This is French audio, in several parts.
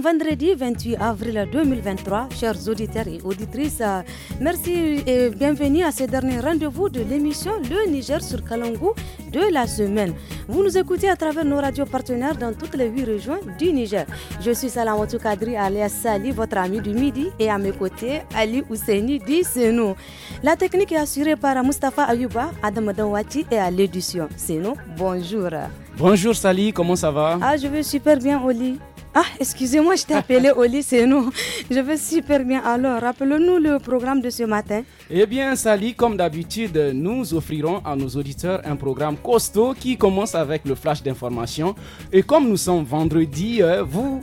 vendredi 28 avril 2023. Chers auditeurs et auditrices, merci et bienvenue à ce dernier rendez-vous de l'émission Le Niger sur Kalangu de la semaine. Vous nous écoutez à travers nos radios partenaires dans toutes les huit régions du Niger. Je suis Salamatou Kadri alias Sali, votre ami du midi, et à mes côtés, Ali Ousseini dit nous La technique est assurée par Mustafa Ayouba, Adam et à l'édition. nous bonjour. Bonjour Sali, comment ça va Ah, je vais super bien, Oli. Ah, excusez-moi, je t'ai appelé au lycée, nous. Je vais super bien. Alors, rappelons-nous le programme de ce matin. Eh bien, Sally, comme d'habitude, nous offrirons à nos auditeurs un programme costaud qui commence avec le flash d'information. Et comme nous sommes vendredi, euh, vous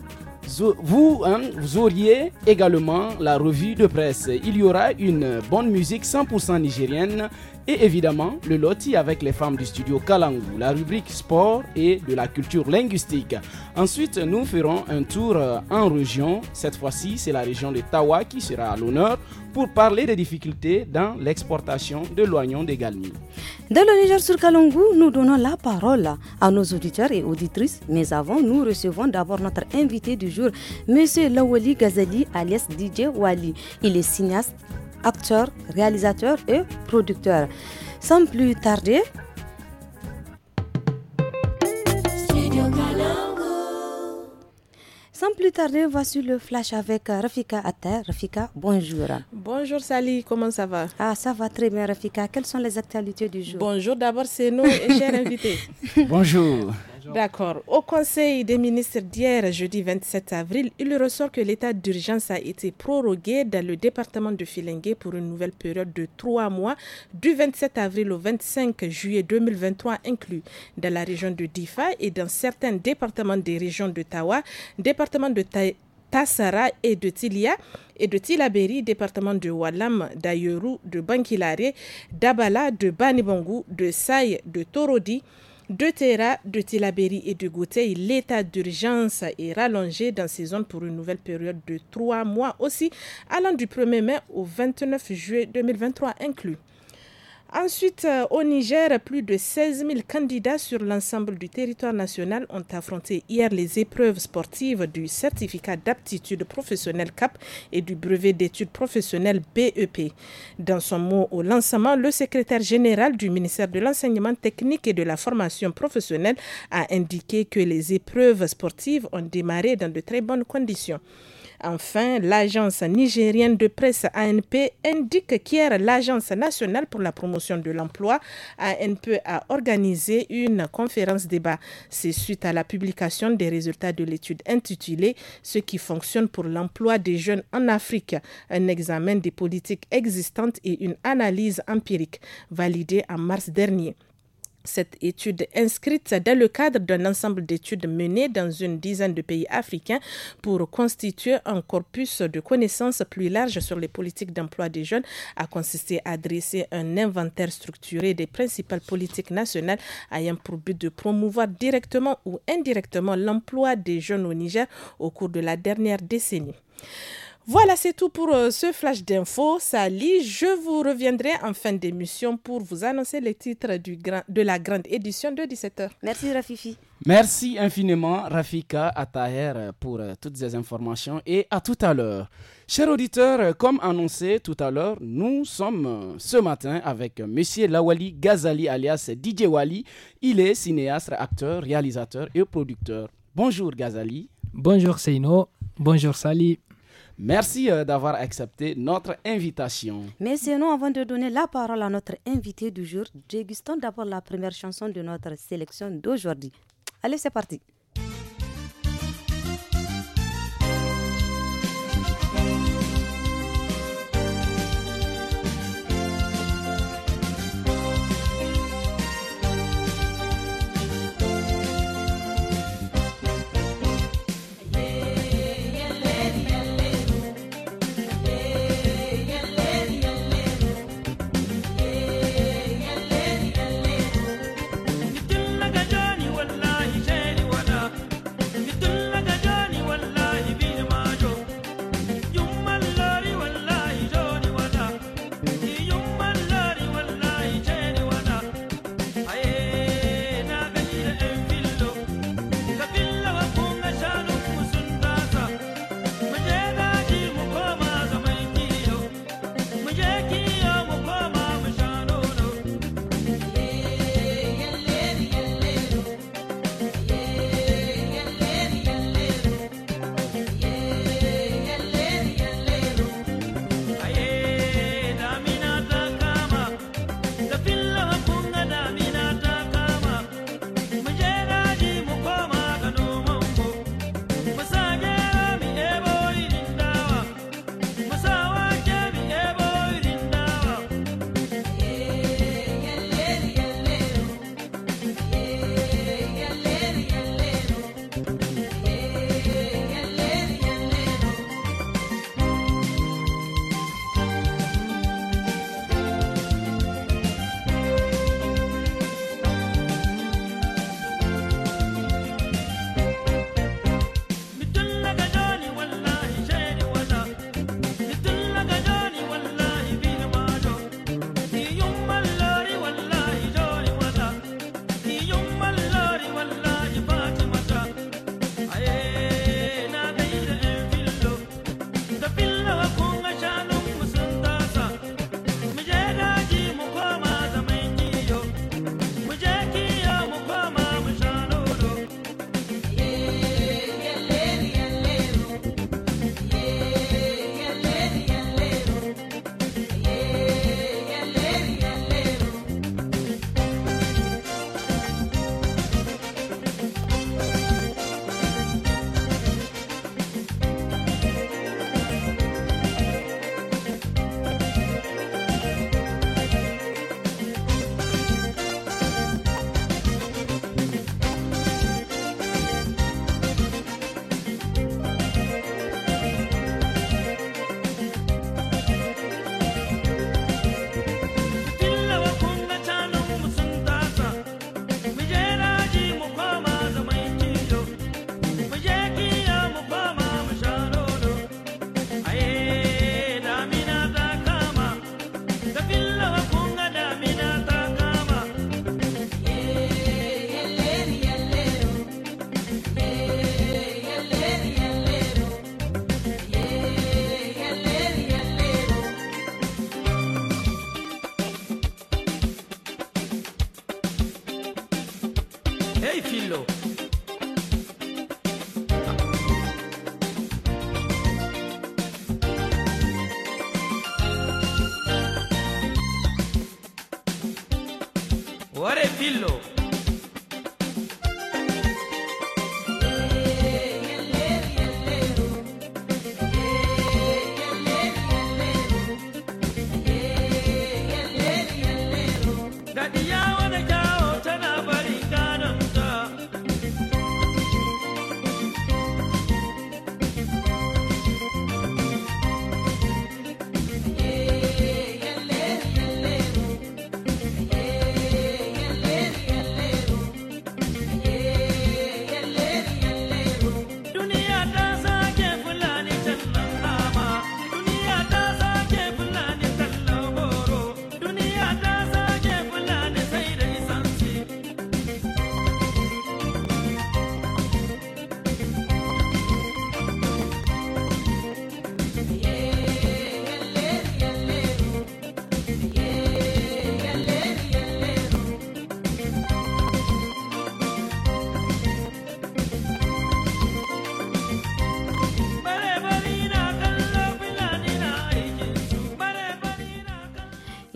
vous, hein, vous, auriez également la revue de presse. Il y aura une bonne musique 100% nigérienne et évidemment, le loti avec les femmes du studio Kalangu, la rubrique sport et de la culture linguistique. Ensuite, nous ferons un tour euh, en région. Cette fois-ci, c'est la région de Tawa qui sera à l'honneur pour parler des difficultés dans l'exportation de l'oignon des Galmi. Dans le Niger sur Kalangu, nous donnons la parole à nos auditeurs et auditrices, mais avant, nous recevons d'abord notre invité du jour, M. Lawali Gazali, alias DJ Wali. Il est cinéaste, acteur, réalisateur et producteur. Sans plus tarder, Sans plus tarder, voici le flash avec Rafika Atta. Rafika, bonjour. Bonjour Sally, comment ça va Ah, ça va très bien Rafika. Quelles sont les actualités du jour Bonjour d'abord, c'est nous, chers invités. Bonjour. D'accord. Au Conseil des ministres d'hier, jeudi 27 avril, il ressort que l'état d'urgence a été prorogué dans le département de Filengue pour une nouvelle période de trois mois, du 27 avril au 25 juillet 2023 inclus, dans la région de Difa et dans certains départements des régions de Tawa, département de Tassara et de Tilia et de Tilaberi, département de Walam, d'Ayeru, de Bankilare, d'Abala, de Banibangou, de Saï, de Torodi, de Terra, de Tilaberi et de Gotei, l'état d'urgence est rallongé dans ces zones pour une nouvelle période de trois mois aussi, allant du 1er mai au 29 juillet 2023 inclus. Ensuite, euh, au Niger, plus de 16 000 candidats sur l'ensemble du territoire national ont affronté hier les épreuves sportives du certificat d'aptitude professionnelle CAP et du brevet d'études professionnelles BEP. Dans son mot au lancement, le secrétaire général du ministère de l'enseignement technique et de la formation professionnelle a indiqué que les épreuves sportives ont démarré dans de très bonnes conditions. Enfin, l'agence nigérienne de presse ANP indique qu'hier, l'agence nationale pour la promotion de l'emploi ANP a organisé une conférence débat. C'est suite à la publication des résultats de l'étude intitulée Ce qui fonctionne pour l'emploi des jeunes en Afrique, un examen des politiques existantes et une analyse empirique validée en mars dernier. Cette étude inscrite dans le cadre d'un ensemble d'études menées dans une dizaine de pays africains pour constituer un corpus de connaissances plus large sur les politiques d'emploi des jeunes a consisté à dresser un inventaire structuré des principales politiques nationales ayant pour but de promouvoir directement ou indirectement l'emploi des jeunes au Niger au cours de la dernière décennie. Voilà, c'est tout pour euh, ce flash d'infos. Sali, je vous reviendrai en fin d'émission pour vous annoncer les titres de la grande édition de 17h. Merci Rafifi. Merci infiniment Rafika Ataher pour euh, toutes ces informations et à tout à l'heure. Chers auditeurs, euh, comme annoncé tout à l'heure, nous sommes ce matin avec Monsieur Lawali Ghazali alias DJ Wali. Il est cinéaste, acteur, réalisateur et producteur. Bonjour Ghazali. Bonjour Seino. Bonjour Sali. Merci euh, d'avoir accepté notre invitation. Mais sinon, avant de donner la parole à notre invité du jour, dégustons d'abord la première chanson de notre sélection d'aujourd'hui. Allez, c'est parti.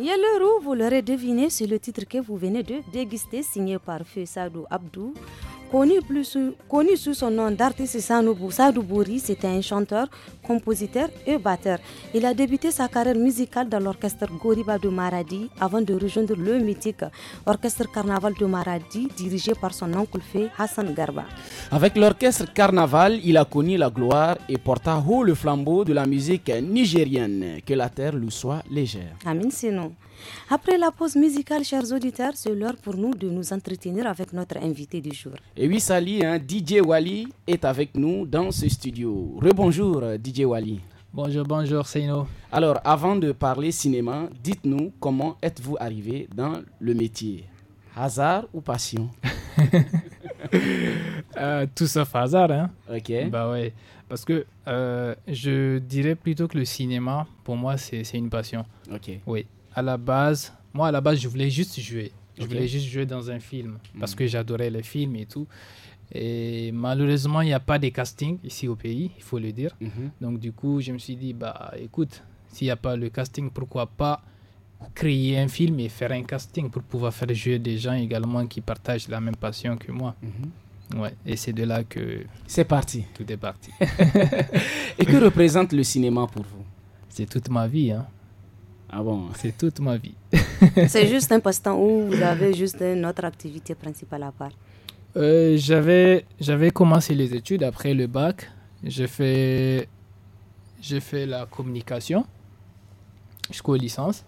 Il y a où vous l'aurez deviné, c'est le titre que vous venez de déguster, signé par Feu Sadou Abdou. Connu, plus, connu sous son nom d'artiste Sanoubou Sadoubouri, c'était un chanteur, compositeur et batteur. Il a débuté sa carrière musicale dans l'orchestre Goriba de Maradi avant de rejoindre le mythique orchestre Carnaval de Maradi dirigé par son oncle fait Hassan Garba. Avec l'orchestre Carnaval, il a connu la gloire et porta haut le flambeau de la musique nigérienne. Que la terre lui soit légère. Amen. Sinon. Après la pause musicale, chers auditeurs, c'est l'heure pour nous de nous entretenir avec notre invité du jour. Et oui, Sali, hein, DJ Wally est avec nous dans ce studio. Rebonjour, DJ Wally. Bonjour, bonjour, Seino. Alors, avant de parler cinéma, dites-nous comment êtes-vous arrivé dans le métier Hasard ou passion euh, Tout sauf hasard, hein. Ok. Bah ouais. Parce que euh, je dirais plutôt que le cinéma, pour moi, c'est une passion. Ok. Oui à la base, moi à la base, je voulais juste jouer. Je voulais juste jouer dans un film parce mm. que j'adorais les films et tout. Et malheureusement, il n'y a pas de casting ici au pays, il faut le dire. Mhm. Donc du coup, je me suis dit, bah écoute, s'il n'y a pas le casting, pourquoi pas créer un film et faire un casting pour pouvoir faire jouer des gens également qui partagent la même passion que moi. Mhm. Ouais, et c'est de là que... C'est parti. Tout est parti. et que représente le cinéma pour vous C'est toute ma vie. Hein. Ah bon C'est toute ma vie. c'est juste un passe-temps ou vous avez juste une autre activité principale à part euh, j'avais, j'avais commencé les études après le bac. J'ai fait, fait la communication jusqu'aux licences.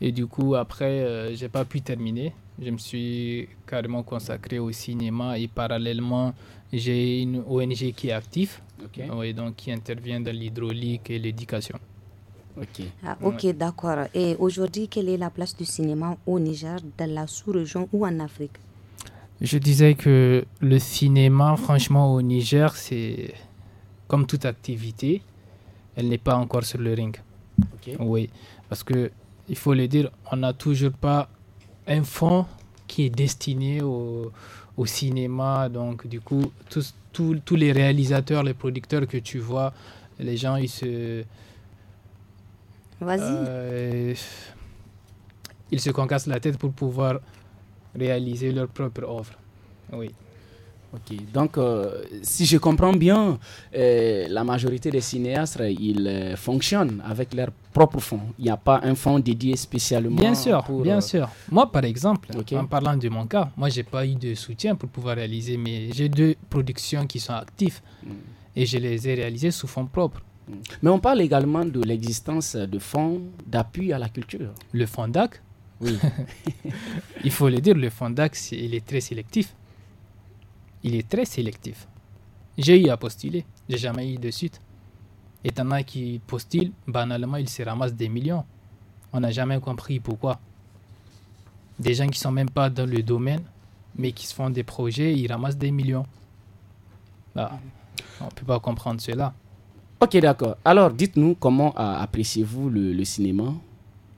Et du coup, après, je euh, j'ai pas pu terminer. Je me suis carrément consacré au cinéma et parallèlement, j'ai une ONG qui est active, donc qui intervient dans l'hydraulique et l'éducation. Ok, ah, d'accord. Et aujourd'hui, quelle est la place du cinéma au Niger, dans la sous-région ou en Afrique Je disais que le cinéma, franchement, au Niger, c'est comme toute activité, elle n'est pas encore sur le ring. Oui, parce que il faut le dire, on n'a toujours pas un fonds qui est destiné au, au cinéma. Donc, du coup, tous les réalisateurs, les producteurs que tu vois, les gens, ils se vas euh, ils se concassent la tête pour pouvoir réaliser leur propre offre. Oui. Ok, donc euh, si je comprends bien, euh, la majorité des cinéastes, ils fonctionnent avec leur propre fonds. Il n'y a pas un fonds dédié spécialement. Bien sûr, bien sûr. Moi, par exemple, en parlant de mon cas, moi, j'ai pas eu de soutien pour pouvoir réaliser, mais j'ai deux productions qui sont actives mm. et je les ai réalisées sous fonds propres. Mm. Mais on parle également de l'existence de fonds d'appui à la culture. Le fonds DAC Oui. il faut le dire, le fonds DAC, il est très sélectif. Il est très sélectif. J'ai eu à postuler, j'ai jamais eu de suite. Et t'en qu'il qui postulent, banalement, il se ramasse des millions. On n'a jamais compris pourquoi. Des gens qui sont même pas dans le domaine, mais qui se font des projets, ils ramassent des millions. Bah, on ne peut pas comprendre cela. Ok, d'accord. Alors, dites-nous comment euh, appréciez-vous le, cinéma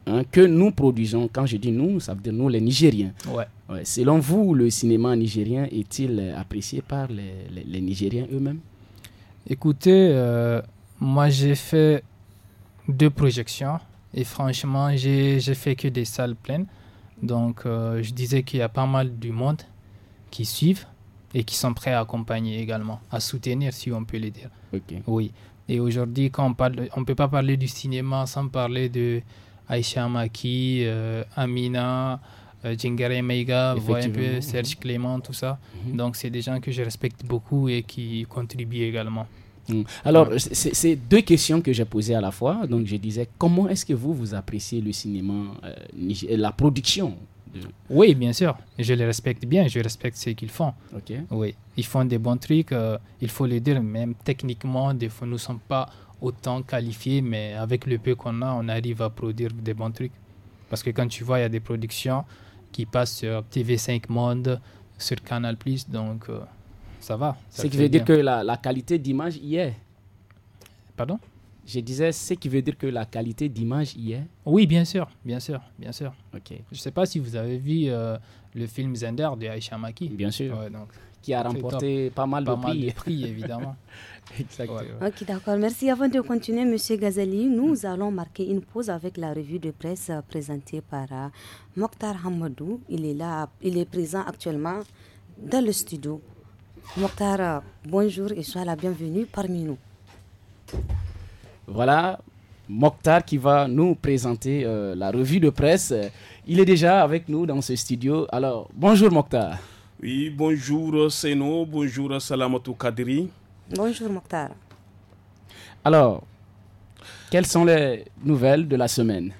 hein, que nous produisons Quand je dis nous, ça veut dire nous, les Nigériens. Ouais. selon vous, le cinéma nigérien est-il euh, apprécié par les, Nigériens eux-mêmes Écoutez, euh, moi j'ai fait deux projections et franchement, j'ai fait que des salles pleines. Donc, je disais qu'il y a pas mal du monde qui suivent et qui sont prêts à accompagner également, à soutenir si on peut le dire. Ok. Oui. Et aujourd'hui, quand on parle, on peut pas parler du cinéma sans parler de aisha Maki, euh, Amina, euh, Mega Meiga, peu Serge Clément, tout ça. Mhm. Donc, c'est des gens que je respecte beaucoup et qui contribuent également. Mm. Alors, c'est deux questions que j'ai posées à la fois. Donc, je disais, comment est-ce que vous, vous appréciez le cinéma, euh, la production oui, bien sûr. Je les respecte bien, je respecte ce qu'ils font. ok Oui, ils font des bons trucs, euh, il faut le dire, même techniquement, des fois, nous ne sommes pas autant qualifiés, mais avec le peu qu'on a, on arrive à produire des bons trucs. Parce que quand tu vois, il y a des productions qui passent sur TV5 Monde, sur Canal Plus, donc euh, ça va. c'est Ce qui veut dire que la qualité d'image y est. Pardon je disais, ce qui veut dire que la qualité d'image y est Oui, bien sûr, bien sûr, bien sûr. Ok. Je ne sais pas si vous avez vu euh, le film Zender de Aisha Maki. Bien sûr. qui a remporté pas mal de prix. évidemment. Exactement. Ok, d'accord. Merci. Avant de continuer, Monsieur Gazali, nous mm. allons marquer une pause avec la revue de presse euh, présentée par euh, Mokhtar Hamadou. Il est là, il est présent actuellement dans le studio. Mokhtar, bonjour et sois la bienvenue parmi nous. Voilà, Mokhtar qui va nous présenter euh, la revue de presse. Il est déjà avec nous dans ce studio. Alors, bonjour Mokhtar. Oui, bonjour Seno, bonjour Salamatou Kadri. Bonjour Mokhtar. Alors, quelles sont les nouvelles de la semaine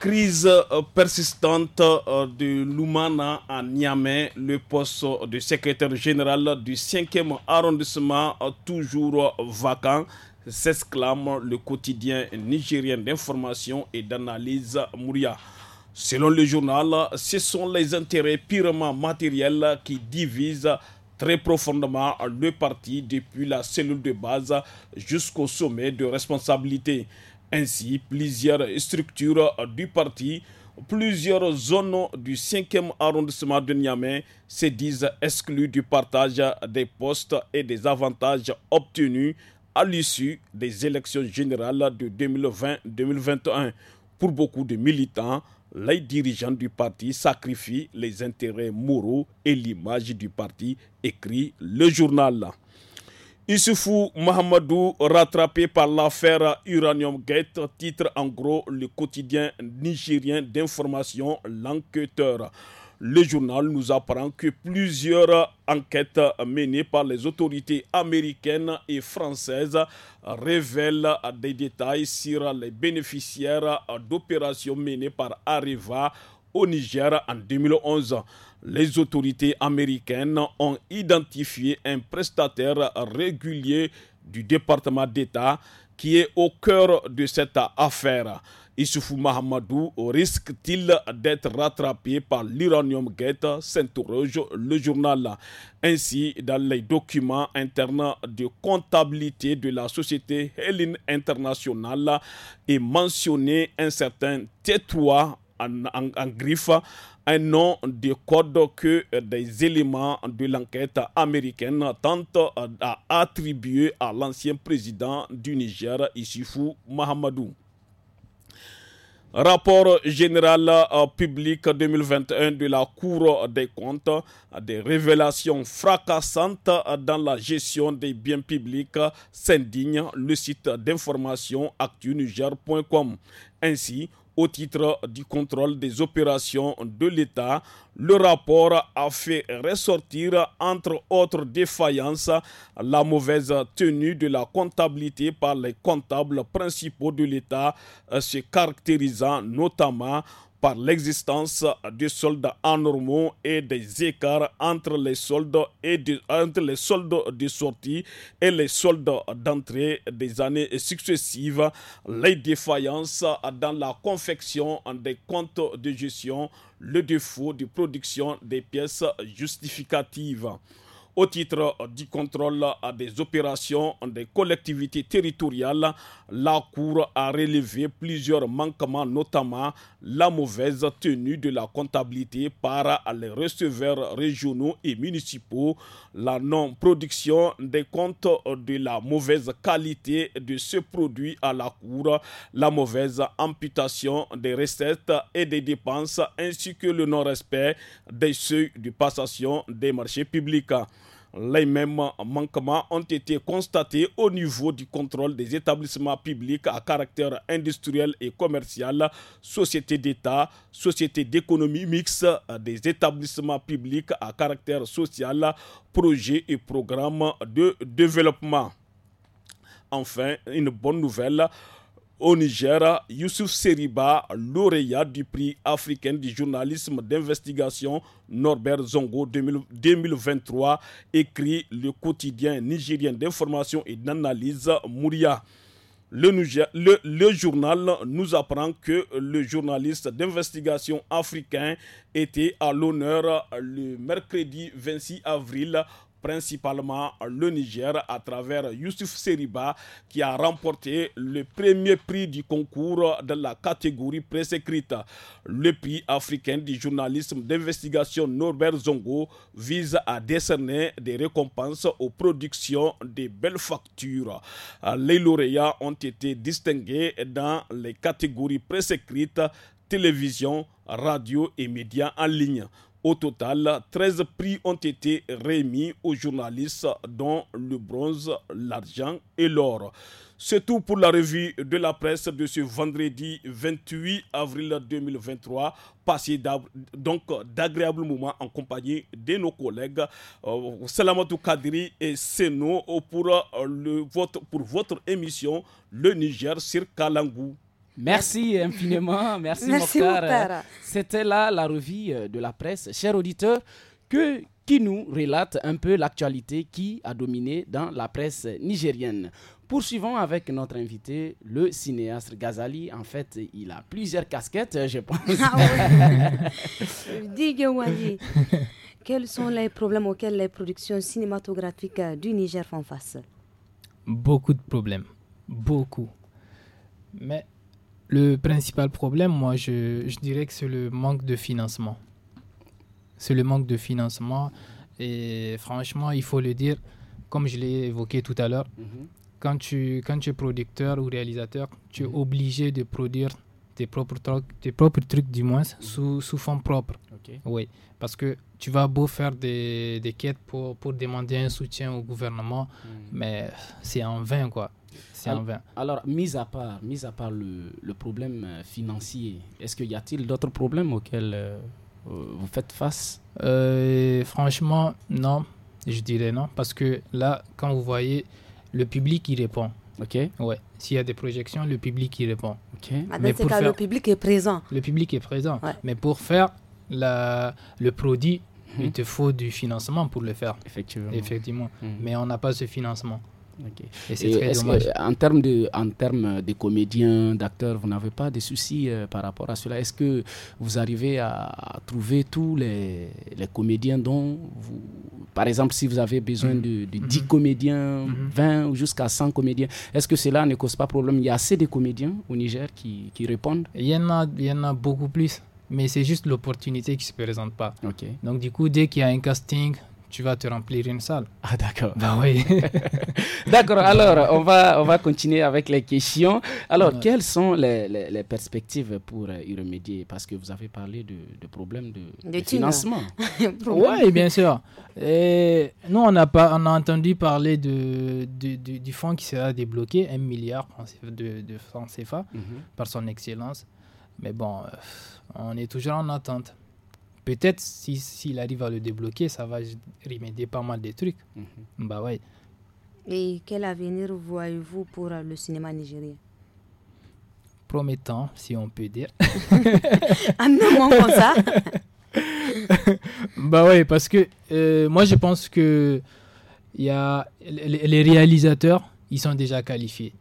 Crise euh, persistante euh, de l'Oumana à Niamey, le poste de secrétaire général du 5e arrondissement toujours vacant s'exclame le quotidien nigérien d'information et d'analyse Mouria. Selon le journal, ce sont les intérêts purement matériels qui divisent très profondément le parti depuis la cellule de base jusqu'au sommet de responsabilité. Ainsi, plusieurs structures du parti, plusieurs zones du 5e arrondissement de Niamey se disent exclues du partage des postes et des avantages obtenus à l'issue des élections générales de 2020-2021. Pour beaucoup de militants, les dirigeants du parti sacrifient les intérêts moraux et l'image du parti, écrit le journal. Issoufou Mahamadou, rattrapé par l'affaire Uranium Gate, titre en gros le quotidien nigérien d'information L'enquêteur. Le journal nous apprend que plusieurs enquêtes menées par les autorités américaines et françaises révèlent des détails sur les bénéficiaires d'opérations menées par Areva au Niger en 2011. Les autorités américaines ont identifié un prestataire régulier du département d'État qui est au cœur de cette affaire. Issoufou Mahamadou risque-t-il d'être rattrapé par l'Uranium Gate Saint-Rouge, le journal. Ainsi, dans les documents internes de comptabilité de la société Helen International est mentionné un certain t en, griffe un nom de code que des éléments de l'enquête américaine tentent d'attribuer à l'ancien président du Niger, Issoufou Mahamadou. Rapport général euh, public 2021 de la Cour des comptes, euh, des révélations fracassantes euh, dans la gestion des biens publics s'indigne le site d'information actuniger.com. Ainsi, au titre du contrôle des opérations de l'État. Le rapport a fait ressortir, entre autres défaillances, la mauvaise tenue de la comptabilité par les comptables principaux de l'État, euh, se caractérisant notamment par l'existence de soldes anormaux et des écarts entre les soldes et entre les soldes de sortie et les soldes d'entrée des années successives, les défaillances dans la confection des comptes de gestion, le défaut de production des pièces justificatives au titre du contrôle des opérations des collectivités territoriales, la Cour a relevé plusieurs manquements, notamment la mauvaise tenue de la comptabilité par les receveurs régionaux et municipaux, la non-production des comptes de la mauvaise qualité de ce produit à la cour, la mauvaise amputation des recettes et des dépenses ainsi que le non-respect des seuils de passation des marchés publics. Les mêmes manquements ont été constatés au niveau du contrôle des établissements publics à caractère industriel et commercial, sociétés d'État, sociétés d'économie mixte, des établissements publics à caractère social, projets et programmes de développement. Enfin, une bonne nouvelle, au Niger, Youssouf Seriba, lauréat du prix africain du journalisme d'investigation Norbert Zongo 2023, écrit le quotidien nigérien d'information et d'analyse Mouria. Le, journal nous apprend que le journaliste d'investigation africain était à l'honneur le mercredi 26 avril principalement le Niger à travers Youssouf Seriba qui a remporté le premier prix du concours de la catégorie presse écrite. Le prix africain du journalisme d'investigation Norbert Zongo vise à décerner des récompenses aux productions des belles factures. Les lauréats ont été distingués dans les catégories presse écrite, télévision, radio et médias en ligne. Au total, 13 prix ont été remis aux journalistes, dont le bronze, l'argent et l'or. C'est tout pour la revue de la presse de ce vendredi 28 avril 2023. Passez donc d'agréables moments en compagnie de nos collègues euh, Salamatou Kadri et Seno pour, euh, votre, pour votre émission Le Niger sur Kalangou. Merci infiniment. Merci, Merci C'était là la revue euh, de la presse. Chers auditeurs, que, qui nous relate un peu l'actualité qui a dominé dans la presse nigérienne. Poursuivons avec notre invité, le cinéaste Ghazali. En fait, il a plusieurs casquettes, euh, je pense. Ah Digue quels sont les problèmes auxquels les productions cinématographiques euh, du Niger font face Beaucoup de problèmes, beaucoup. Mais le principal problème, moi, je, dirais que c'est le manque de financement. C'est le manque de financement. Et franchement, il faut le dire, comme je l'ai évoqué tout à l'heure, mhm. quand, tu, quand tu es producteur ou réalisateur, tu es mhm. obligé de produire tes propres trucs, propres trucs du moins, mhm. sous, sous fonds propres. Oui, parce que tu vas beau faire des, quêtes pour, pour, demander un soutien au gouvernement, mais c'est en vain, quoi. Alors, mis à part, mis à part le, problème euh, financier, est-ce qu'il y a-t-il d'autres problèmes auxquels euh, euh, vous faites face Franchement, non. Je dirais non. Parce que là, quand vous voyez, le public, il répond. OK. Ouais. S'il y a des projections, le public, il répond. OK. Bah, Mais pour faire... le public est présent. Le public est présent. Mais pour faire le produit, il mhm. te faut du financement pour le faire. Effectivement. Effectivement. Mhm. Mais on n'a pas ce financement en termes de, en termes de comédiens, d'acteurs, vous n'avez pas de soucis euh, par rapport à cela Est-ce que vous arrivez à, trouver tous les, comédiens dont vous... Par exemple, si vous avez besoin mhm. de, de, 10 mhm. comédiens, 20 mhm. ou jusqu'à 100 comédiens, est-ce que cela ne cause pas problème Il y a assez de comédiens au Niger qui, répondent il y, en a, il y en a beaucoup plus mais c'est juste l'opportunité qui ne se présente pas. Donc du coup, dès qu'il y a un casting, tu vas te remplir une salle. Ah d'accord. Ben oui. d'accord, alors on va, on va continuer avec les questions. Alors, quelles sont les, les, perspectives pour euh, y remédier Parce que vous avez parlé de, de problèmes de, financement. oui, bien sûr. Et nous, on a, pas, on a entendu parler de, du fonds qui sera débloqué, un milliard de, francs CFA, mhm. par son excellence. Mais bon, euh, on est toujours en attente peut-être s'il arrive à le débloquer, ça va remédier pas mal de trucs. Mhm. Bah ouais. Et quel avenir voyez-vous pour euh, le cinéma nigérien Promettant, si on peut dire. Un moment comme ça Bah ouais, parce que euh, moi je pense que il y a les réalisateurs ils sont déjà qualifiés.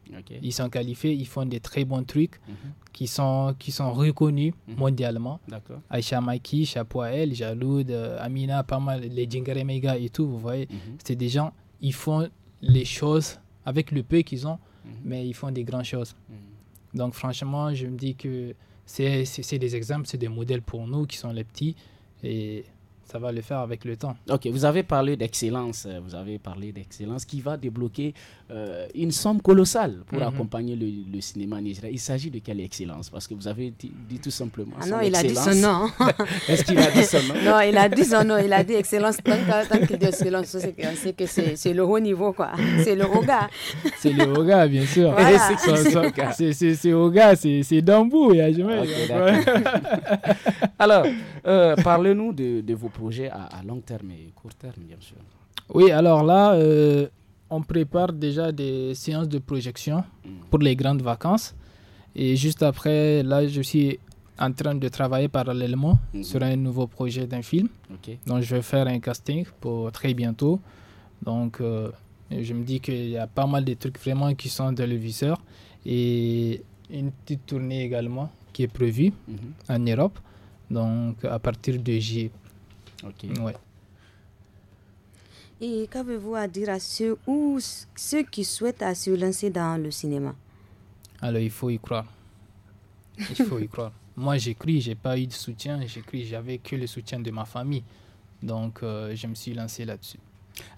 Ils sont qualifiés, ils font des très bons trucs mhm. qui, sont, qui sont reconnus mhm. mondialement. Aïcha Maki, Chapeau à elle, Jaloud, euh, Amina, pas mal, les Jingare Mega et tout, vous voyez. Mhm. C'est des gens, ils font les choses avec le peu qu'ils ont, mais ils font des grandes choses. Donc franchement, je me dis que c'est des exemples, c'est des modèles pour nous qui sont les petits. Et ça va le faire avec le temps. Ok, vous avez parlé d'excellence, euh, vous avez parlé d'excellence qui va débloquer euh, une somme colossale pour mhm. accompagner le, cinéma nigérien. Il s'agit de quelle excellence Parce que vous avez dit, tout simplement. Ah non, il a dit son nom. Ben, est-ce qu'il a dit son nom Non, il a dit son nom. Il a dit excellence. Tant, tant qu'il dit excellence, que c'est le haut niveau, quoi. C'est le roga. c'est le roga, bien sûr. C'est C'est gars, c'est Dambou. jamais Alors, euh, parlez-nous de, de, vos projets à, long terme et court terme, bien sûr. Oui, alors là, euh, on prépare déjà des séances de projection pour les grandes vacances. Et juste après, là, je suis en train de travailler parallèlement mhm. sur un nouveau projet d'un film. dont Donc, je vais faire un casting pour très bientôt. Donc, euh, je me dis qu'il y a pas mal de trucs vraiment qui sont dans le Et une petite tournée également qui est prévue mhm. en Europe. Donc, à partir de J. Et qu'avez-vous à dire à ceux ou ceux qui souhaitent à se lancer dans le cinéma Alors, il faut y croire. Il faut y croire. Moi, j'écris, j'ai pas eu de soutien. J'écris, j'avais que le soutien de ma famille. Donc, euh, je me suis lancé là-dessus.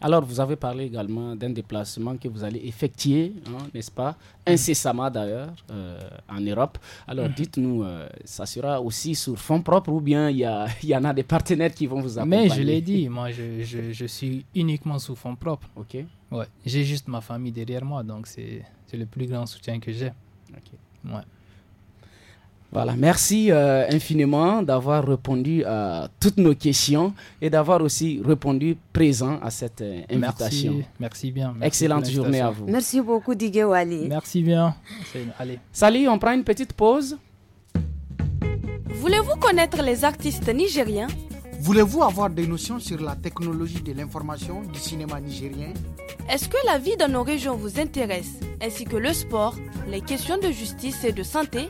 Alors, vous avez parlé également d'un déplacement que vous allez effectuer, hein, n'est-ce pas Incessamment d'ailleurs, euh, en Europe. Alors, mhm. dites-nous, euh, ça sera aussi sur fonds propres ou bien il y, en a des partenaires qui vont vous accompagner Mais je l'ai dit, moi, je, suis uniquement sur fonds propres. Ok. Ouais, j'ai juste ma famille derrière moi, donc c'est le plus grand soutien que j'ai. Ok. Ouais. Voilà, merci euh, infiniment d'avoir répondu à toutes nos questions et d'avoir aussi répondu présent à cette euh, invitation. Merci, merci bien. Excellente journée à vous. Merci beaucoup, Digue Wali. Merci bien. Salut, on prend une petite pause. Voulez-vous connaître les artistes nigériens Voulez-vous avoir des notions sur la technologie de l'information du cinéma nigérien Est-ce que la vie dans nos régions vous intéresse, ainsi que le sport, les questions de justice et de santé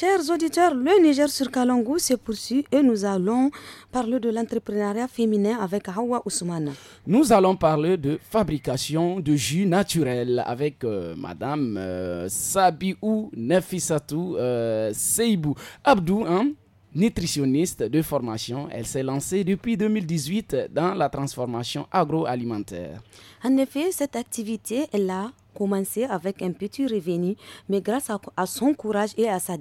Chers auditeurs, le Niger sur Kalangou se poursuit et nous allons parler de l'entrepreneuriat féminin avec Hawa Ousmane. Nous allons parler de fabrication de jus naturel avec euh, Madame euh, Sabiou Nefisatou euh, Seibou Abdou. Hein, nutritionniste de formation, elle s'est lancée depuis 2018 dans la transformation agroalimentaire. En effet, cette activité est là commencé avec un petit revenu, mais grâce à, son courage et à sa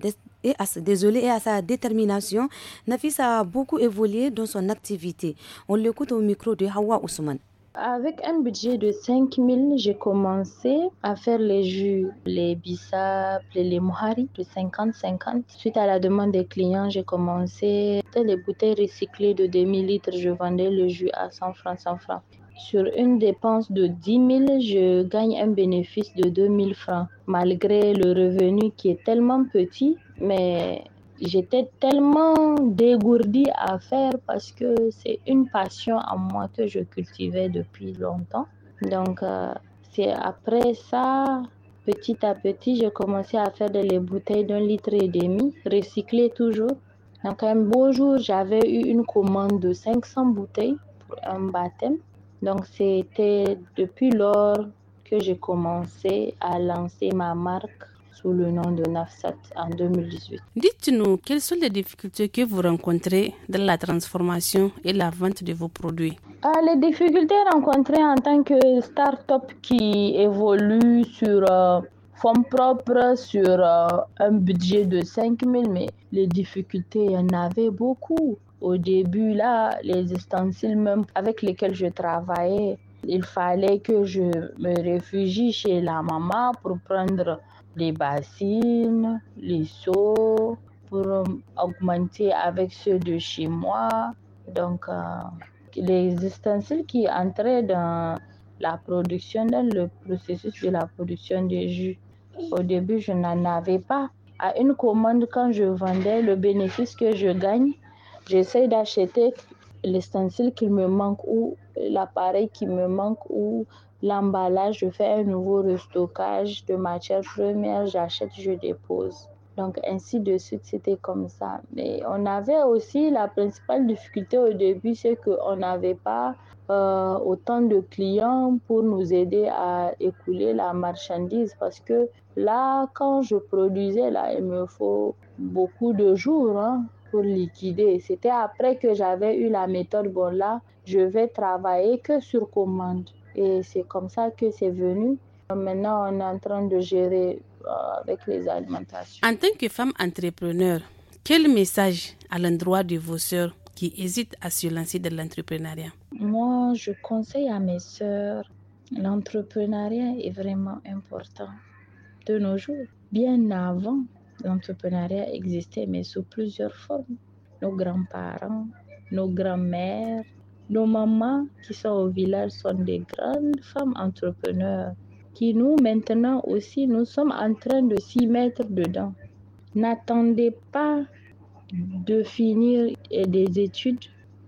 désolé, et à sa détermination, Nafisa a beaucoup évolué dans son activité. On l'écoute au micro de Hawa Ousmane. Avec un budget de 5 000, j'ai commencé à faire les jus, les bissap, les mohari de 50-50. Suite à la demande des clients, j'ai commencé les bouteilles recyclées de 2000 litres. Je vendais le jus à 100 francs, 100 francs sur une dépense de 10 000, je gagne un bénéfice de 2 000 francs, malgré le revenu qui est tellement petit, mais j'étais tellement dégourdie à faire parce que c'est une passion à moi que je cultivais depuis longtemps. Donc, euh, c'est après ça, petit à petit, j'ai commencé à faire des bouteilles d'un litre et demi, recyclées toujours. Donc, un beau jour, j'avais eu une commande de 500 bouteilles pour un baptême. Donc, c'était depuis lors que j'ai commencé à lancer ma marque sous le nom de Nafsat en 2018. Dites-nous, quelles sont les difficultés que vous rencontrez dans la transformation et la vente de vos produits ah, Les difficultés rencontrées en tant que start-up qui évolue sur euh, fonds propres, sur euh, un budget de 5 000, mais les difficultés, il y en avait beaucoup. Au début, là, les ustensiles même avec lesquels je travaillais, il fallait que je me réfugie chez la maman pour prendre les bassines, les seaux, pour augmenter avec ceux de chez moi. Donc, euh, les ustensiles qui entraient dans la production, dans le processus de la production des jus. Au début, je n'en avais pas. À une commande, quand je vendais, le bénéfice que je gagne, J'essaie d'acheter l'ustensile qui me manque ou l'appareil qui me manque ou l'emballage. Je fais un nouveau restockage de matière première J'achète, je dépose. Donc ainsi de suite, c'était comme ça. Mais on avait aussi la principale difficulté au début, c'est qu'on n'avait pas euh, autant de clients pour nous aider à écouler la marchandise parce que là, quand je produisais, là, il me faut beaucoup de jours. Hein pour liquider. C'était après que j'avais eu la méthode, bon là, je vais travailler que sur commande. Et c'est comme ça que c'est venu. Maintenant, on est en train de gérer euh, avec les alimentations. En tant que femme entrepreneur, quel message à l'endroit de vos sœurs qui hésitent à se lancer dans l'entrepreneuriat Moi, je conseille à mes sœurs, l'entrepreneuriat est vraiment important de nos jours, bien avant l'entrepreneuriat existait, mais sous plusieurs formes. Nos grands-parents, nos grands-mères, nos mamans qui sont au village sont des grandes femmes entrepreneurs qui nous, maintenant aussi, nous sommes en train de s'y mettre dedans. N'attendez pas de finir des études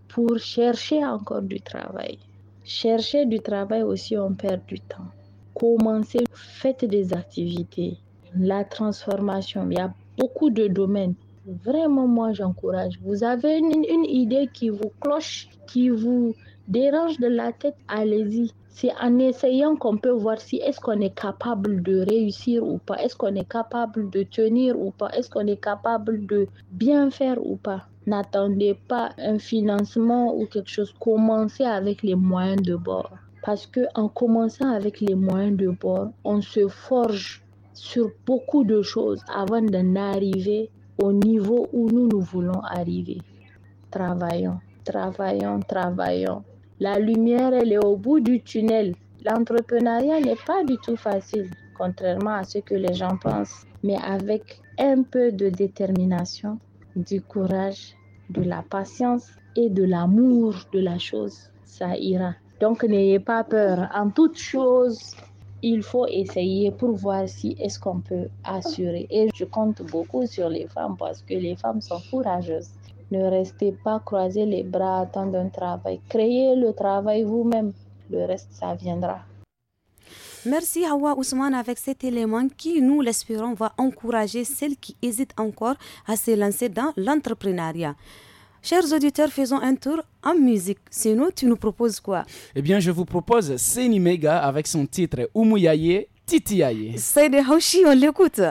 pour chercher encore du travail. Chercher du travail aussi, on perd du temps. Commencez, faites des activités la transformation. Il y a beaucoup de domaines. Vraiment, moi, j'encourage. Vous avez une, idée qui vous cloche, qui vous dérange de la tête, allez-y. C'est en essayant qu'on peut voir si est-ce qu'on est capable de réussir ou pas, est-ce qu'on est capable de tenir ou pas, est-ce qu'on est capable de bien faire ou pas. N'attendez pas un financement ou quelque chose. Commencez avec les moyens de bord. Parce que en commençant avec les moyens de bord, on se forge sur beaucoup de choses avant d'en arriver au niveau où nous nous voulons arriver. Travaillons, travaillons, travaillons. La lumière, elle est au bout du tunnel. L'entrepreneuriat n'est pas du tout facile, contrairement à ce que les gens pensent. Mais avec un peu de détermination, du courage, de la patience et de l'amour de la chose, ça ira. Donc n'ayez pas peur. En toute chose, il faut essayer pour voir si est-ce qu'on peut assurer. Et je compte beaucoup sur les femmes parce que les femmes sont courageuses. Ne restez pas croiser les bras, temps un travail. Créez le travail vous-même. Le reste, ça viendra. Merci Hawa Ousmane avec cet élément qui, nous l'espérons, va encourager celles qui hésitent encore à se lancer dans l'entrepreneuriat. Chers auditeurs, faisons un tour en musique. Sinon, tu nous proposes quoi Eh bien, je vous propose Seni Mega avec son titre Umuyaye Titiaye. C'est de Haushi, on l'écoute.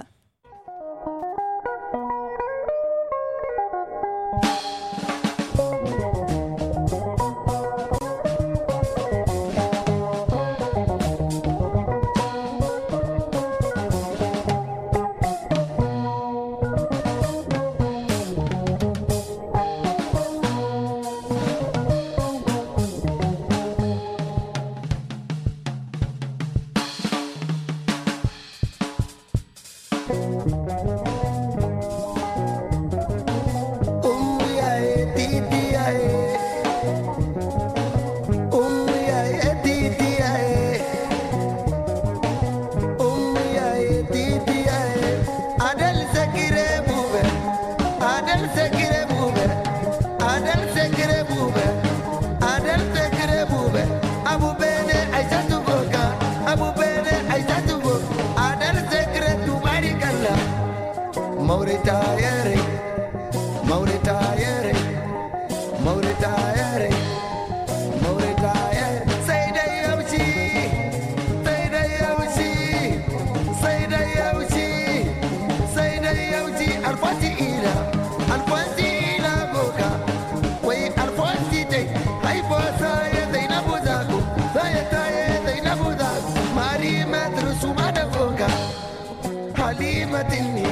alimatilni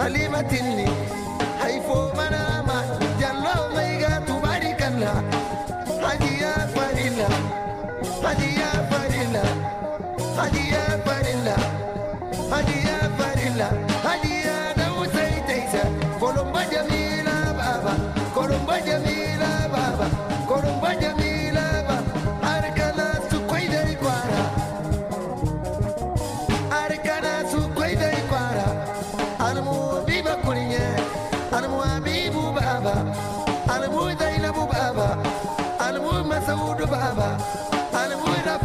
alimatilni haifo manama jallo maiga tubarikalla hajiya farilla hajiya farilla hajiya farilla hajiya farilla hajiya dausaitaisa kolomba jamila baba kolomba jamila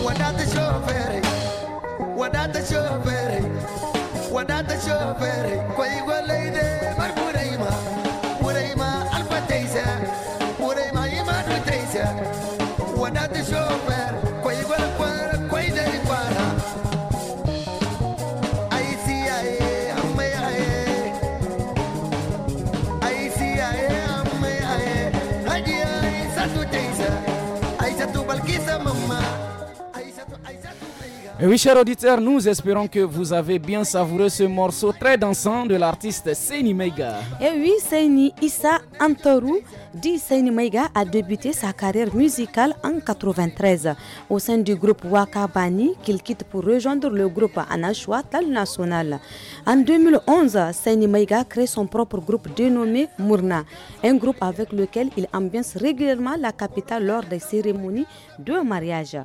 guardate scioperi, guardate scioperi, guardate scioperi, quei guardi dei barbuni. Eh oui, chers auditeurs, nous espérons que vous avez bien savouré ce morceau très dansant de l'artiste Seini Meiga. Et eh oui, Seini Issa Antoru, dit Seini Meiga, a débuté sa carrière musicale en 93 au sein du groupe Wakabani qu'il quitte pour rejoindre le groupe Anashua Tal National. En 2011, Seini Meiga crée son propre groupe dénommé Mourna, un groupe avec lequel il ambiance régulièrement la capitale lors des cérémonies de mariage.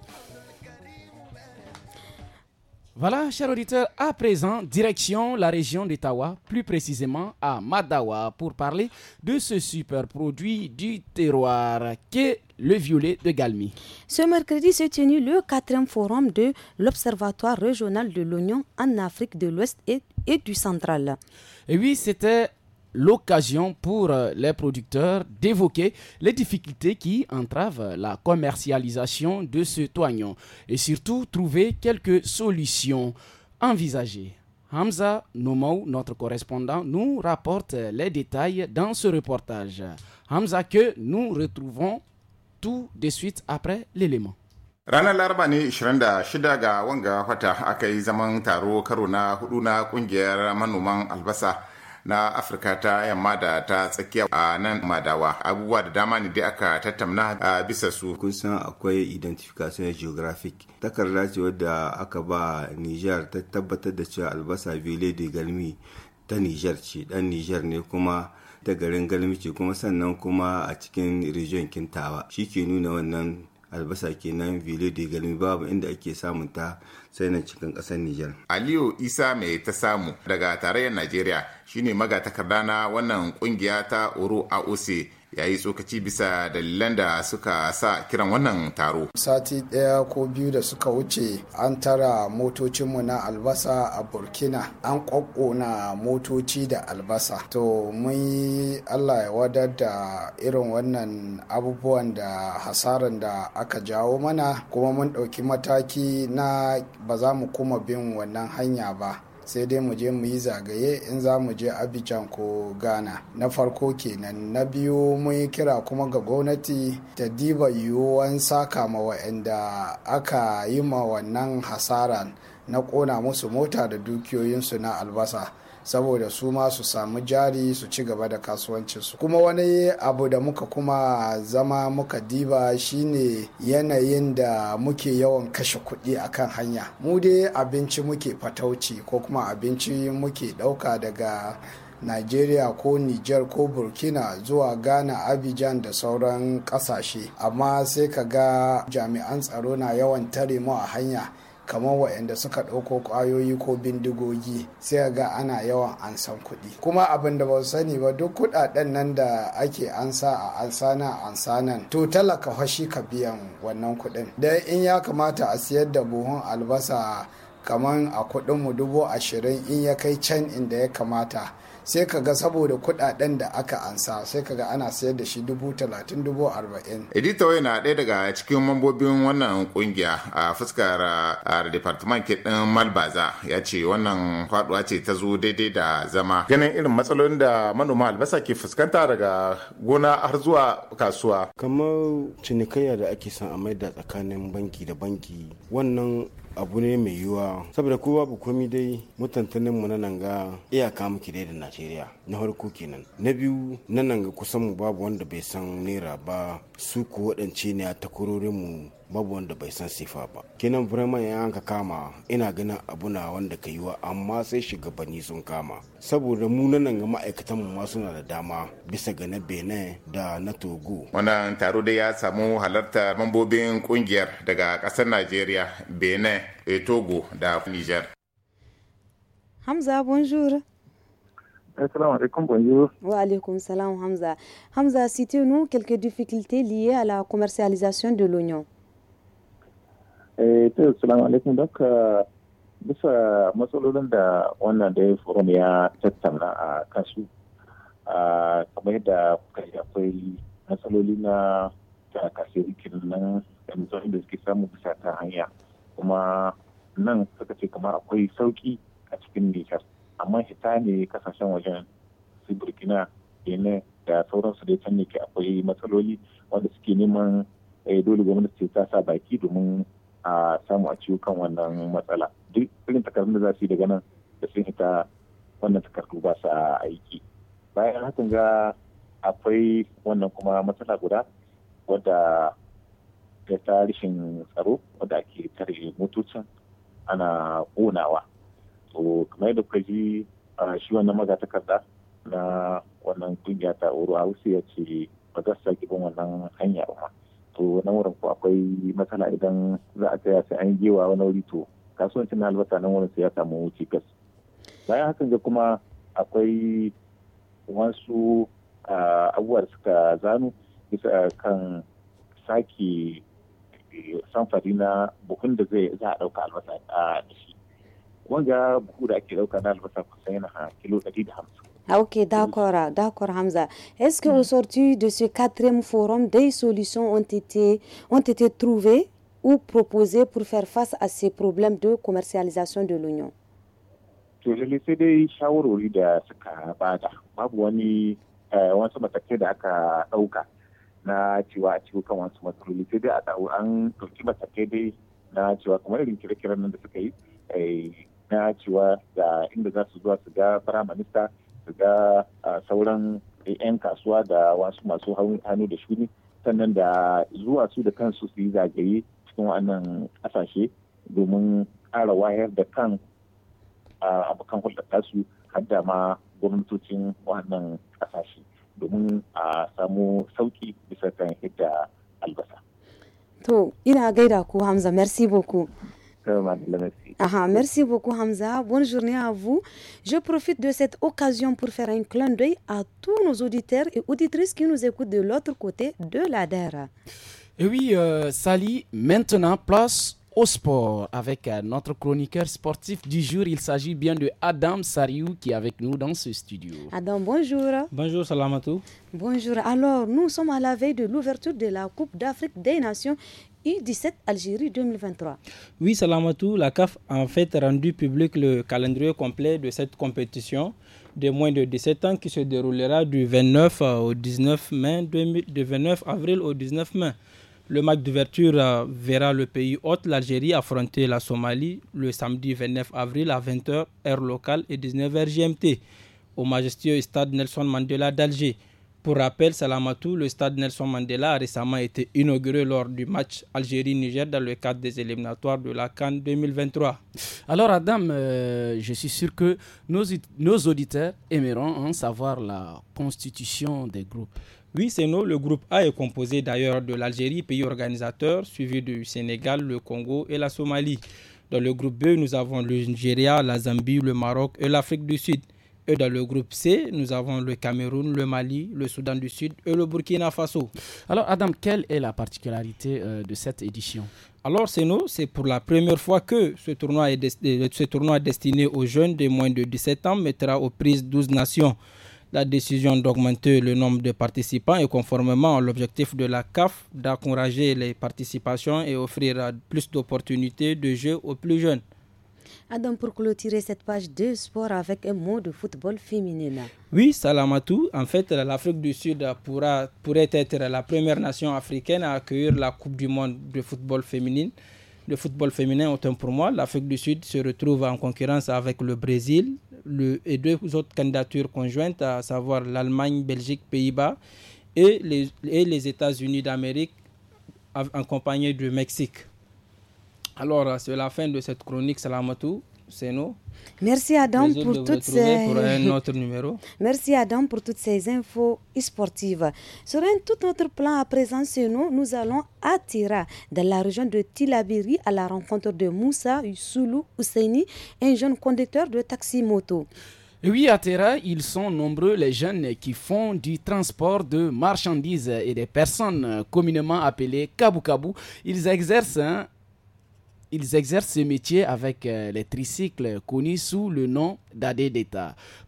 Voilà, chers auditeurs, à présent, direction la région d'Etawa, plus précisément à Madawa, pour parler de ce super produit du terroir qu'est le violet de Galmi. Ce mercredi s'est tenu le quatrième forum de l'Observatoire régional de l'Oignon en Afrique de l'Ouest et, et, du Central. Et oui, c'était l'occasion pour euh, les producteurs d'évoquer les difficultés qui entravent la commercialisation de ce toignon et surtout trouver quelques solutions envisagées. Hamza Nomou, notre correspondant, nous rapporte les détails dans ce reportage. Hamza que nous retrouvons tout de suite après l'élément. Rana wanga wata taro na afirka ta yamma da ta tsakiya a nan madawa abubuwa da dama ne dai aka tattauna a bisa su kun san akwai identification geographic takarda ce wadda aka ba niger ta tabbatar da cewa albasa bile da galmi ta niger ce dan niger ne kuma ta garin galmi ce kuma sannan kuma a cikin region kintawa shi ke nuna wannan albasa kenan vile da galmi babu inda ake samun ta sai nan cikin kasar Nijar. Aliyu Isa mai ta samu daga tarayyar Najeriya shine magatakarda na wannan kungiya ta Oro AOC ya yi tsokaci bisa dalilan da suka sa kiran wannan taro. Sati ɗaya ko biyu da suka wuce an tara motocinmu na albasa a Burkina an na motoci da albasa. To mun yi Allah ya wadar da irin wannan abubuwan da hasaran da aka jawo mana kuma mun ɗauki mataki na ba za mu kuma bin wannan hanya ba. sai dai mu je mu yi zagaye in za mu je abidjan ko ghana na farko kenan na biyu mun yi kira kuma ga gwamnati ta diba yiwuwan saka ma wa'anda aka yi ma wannan hasaran na kona musu mota da dukiyoyinsu na albasa saboda su ma su samu jari su ci gaba da kasuwancinsu kuma wani abu da muka kuma zama muka diba shine yanayin da muke yawan kashe kuɗi a kan hanya mu dai abinci muke fatauci ko kuma abinci muke ɗauka daga nigeria ko niger ko Burkina zuwa Ghana, Abidjan da sauran ƙasashe. Amma sai ka ga jami'an tsaro na yawan tare mu a hanya. kamar waɗanda suka ɗauko ƙwayoyi ko bindigogi sai ga ana yawan ansan kuɗi kuma abin da ba su sani ba duk kuɗaɗen nan da ake ansa a ansana ansanan to talaka fashi ka biyan wannan kuɗin da in ya kamata a siyar da buhun albasa kamar a kuɗinmu dubu ashirin in ya kai can inda ya kamata sai ka ga saboda kuɗaɗen da aka ansa sai kaga ana sayar da shi dubu talatin dubu arba'in. edita wai na ɗaya daga cikin mambobin wannan kungiya a fuskar department ɗin malbaza ya ce wannan faɗuwa ce ta zo daidai da zama ganin irin matsalolin da manoma albasa ke fuskanta daga gona har zuwa kasuwa kamar cinikayya da ake son a da tsakanin banki da banki wannan abu ne mai yiwuwa saboda ko babu komi dai mutantanin mu na nan ga iyaka muke dai da najeriya na farko kenan na biyu na nan ga kusan mu babu wanda bai san naira ba su ko waɗance ne a takwarorin mu babu wanda bai san sifa ba kinan vraiment ya an ka kama ina ganin abu na wanda ka yi wa amma sai shugabanni sun kama saboda mu nan ga ma'aikatan mu suna da dama bisa ga na Benin da na Togo wannan taro da ya samu halartar mambobin kungiyar daga kasar nigeria Benin eh, Togo da Niger Hamza bonjour Assalamu bonjour. Wa alaikum salam, Hamza. Hamza, citez-nous quelques difficultés liées à la commercialisation de l'oignon. Eh, salamu alaikum bisa matsalolin da wannan da ya forum ya tattauna a kasu kamar yadda kuka yi akwai matsaloli na rikin nan da matsalolin da suke samu bisa ta hanya kuma nan suka ce kamar akwai sauki a cikin nijar amma hita ne kasashen wajen su burkina ne da sauransu da can ne ke akwai matsaloli wanda suke neman eh, dole gwamnati ta sa baki domin a samu a ciwo kan wannan matsala duk irin takardun da za su yi daga nan da sun hita wannan takardu ba sa aiki bayan hakan ga akwai wannan kuma matsala guda wadda ta rashin tsaro wadda ake tare motocin ana ƙonawa to kamar yadda kuka ji shi wannan magatakarda na wannan kungiya ta a hausa ya ce ba za su sake wannan hanya ba to nan wurin ko akwai matsala idan za a tsaya sai an yi gewa wani wuri to kasuwanci na albasa nan wurin sai ya samu cikas bayan hakan ga kuma akwai wasu abubuwa da suka zanu bisa kan sake eh, samfari na buhun da zai za a ɗauka albasa a da shi wanga buhu da ake ɗauka na albasa kusan yana kilo ɗari da hamsin Ah ok, d'accord, ah, d'accord Hamza. Est-ce qu'au mm. sortie de ce quatrième forum, des solutions ont été, ont été trouvées ou proposées pour faire face à ces problèmes de commercialisation de l'Union to lalle sai dai shawarwari da suka bada babu wani eh, wasu matakai da aka ɗauka na cewa a ciwo kan wasu matsaloli sai dai a ɗau an ɗauki matakai dai na cewa kamar irin kire-kiren nan da suka yi eh, na cewa da inda za su zuwa su ga firaminista minista su ga sauran 'yan kasuwa da wasu masu hannu da shuni sannan da zuwa su da kansu su yi zagaye cikin wannan kasashe domin kara wayar da kan abokan hulɗar su hadda ma gwamnatocin wannan kasashe domin a samu sauki bisa kan yadda albasa. To, ina gaida ku Hamza, merci beaucoup. Ah, merci beaucoup Hamza. Bonne journée à vous. Je profite de cette occasion pour faire un clin d'œil à tous nos auditeurs et auditrices qui nous écoutent de l'autre côté de la terre. Et oui, euh, Sally, maintenant place au sport avec euh, notre chroniqueur sportif du jour. Il s'agit bien de Adam Sariou qui est avec nous dans ce studio. Adam, bonjour. Bonjour Salamatou. Bonjour. Alors, nous sommes à la veille de l'ouverture de la Coupe d'Afrique des Nations U17 Algérie 2023. Oui, Salamatou, la CAF a en fait rendu public le calendrier complet de cette compétition de moins de 17 ans qui se déroulera du 29 euh, au 19 mai du 29 avril au 19 mai le match d'ouverture euh, verra le pays hôte, l'Algérie, affronter la Somalie le samedi 29 avril à 20h, heure locale et 19h GMT, au majestueux stade Nelson Mandela d'Alger. Pour rappel, Salamatou, le stade Nelson Mandela a récemment été inauguré lors du match Algérie-Niger dans le cadre des éliminatoires de la Cannes 2023. Alors, Adam, euh, je suis sûr que nos, nos auditeurs aimeront en savoir la constitution des groupes. Oui, nous. le groupe A est composé d'ailleurs de l'Algérie, pays organisateur, suivi du Sénégal, le Congo et la Somalie. Dans le groupe B, nous avons le Nigeria, la Zambie, le Maroc et l'Afrique du Sud. Et dans le groupe C, nous avons le Cameroun, le Mali, le Soudan du Sud et le Burkina Faso. Alors Adam, quelle est la particularité euh, de cette édition Alors nous, c'est pour la première fois que ce tournoi, est ce tournoi destiné aux jeunes de moins de 17 ans mettra aux prises 12 nations. La décision d'augmenter le nombre de participants est conformément à l'objectif de la CAF d'encourager les participations et offrir plus d'opportunités de jeu aux plus jeunes. Adam, pour clôturer cette page de sport avec un mot de football féminin. Oui, Salamatou, en fait, l'Afrique du Sud pourra, pourrait être la première nation africaine à accueillir la Coupe du monde de football féminine le football féminin, autant pour moi, l'Afrique du Sud se retrouve en concurrence avec le Brésil le, et deux autres candidatures conjointes, à savoir l'Allemagne, Belgique, Pays-Bas et les, États-Unis d'Amérique en compagnie du Mexique. Alors, euh, c'est la fin de cette chronique, Salamatou c'est nous. Merci Adam pour toutes ces... Merci Adam pour toutes ces infos sportives. Sur un tout autre plan à présent c'est nous, nous allons à Tira, dans la région de Tilabiri, à la rencontre de Moussa Usulu Ousseini, un jeune conducteur de taxi-moto. Oui, à Tira, ils sont nombreux les jeunes qui font du transport de marchandises et des personnes communément appelées kabukabu. Ils exercent un hein, ils exercent ce métier avec euh, les tricycles connus sous le nom d'adé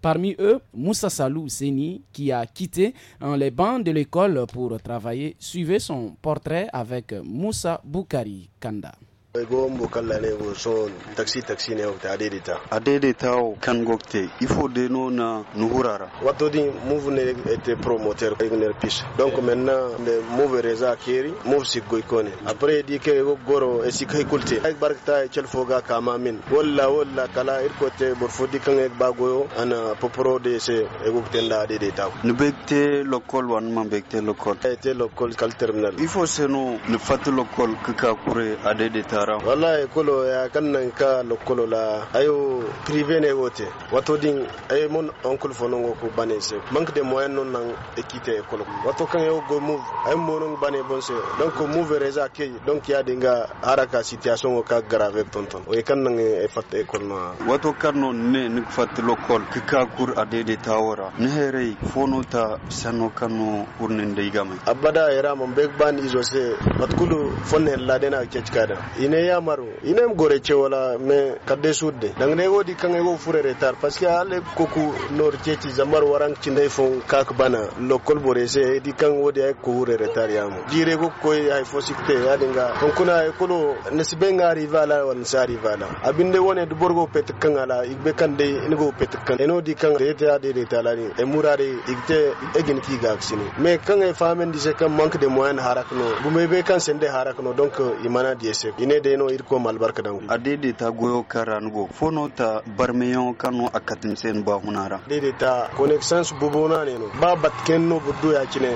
Parmi eux, Moussa Salou Seni, qui a quitté hein, les bancs de l'école pour travailler, suivait son portrait avec Moussa Boukari Kanda. bai go mo kala ne go so taxi taxi ne ta daidaita a daidaita o kan gokte ifo de no na nuhurara wato din move ne était promoteur igner e piche donc maintenant le move reza keri move si goy kone après di ke go goro e si kai kulte ai barkta e chel foga kama min wala wala kala ir kote bor di kan e bagoyo ana poporo de se e go tenda daidaita ne bekte lokol wan man bekte lokol était lokol kal terminal il faut se no ne fat lokol ka kure a taron wallahi kulo ya kannan ka lokolo la ayo privé ne wote wato din ay mon oncle fonon ko bane se manque de moyens non nan ekite école. wato kan yo go move ay monong bane bon se donc move reza ke donc ya dinga araka situation ka grave tonton o nan e, e fatte ma. wato non ne ni fatte lokol kika kur adede tawara here fo no ta sanno kanu kurnin de igame abada era mon beg ban izo se matkulu fonne ladena ke cikada ine ya maro ine gore wala me kadde sudde dang ne wodi kan e wo fure retar parce que ale koku nor ceci zamar warang ndey fon kak bana lokol bore se di kan wodi ay ko fure retar yamu jire ko ko ay fo sikte ya dinga kon kuna e kolo nasibe ngari vala wan sari vala abinde wone du borgo pet kan ala igbe kan de ne go pet kan eno di kan de ta de de la ni e murare igte egin ki gaksini me kan e famen di se kan manque de moyen harakno bu be kan sende harakno donc imana di se ine de no irko mal barka dangu adede ta goyo karanugo fono ta barmeyon kanu akatim sen ba hunara dede ta connections bubona ne no ba buddo ya kine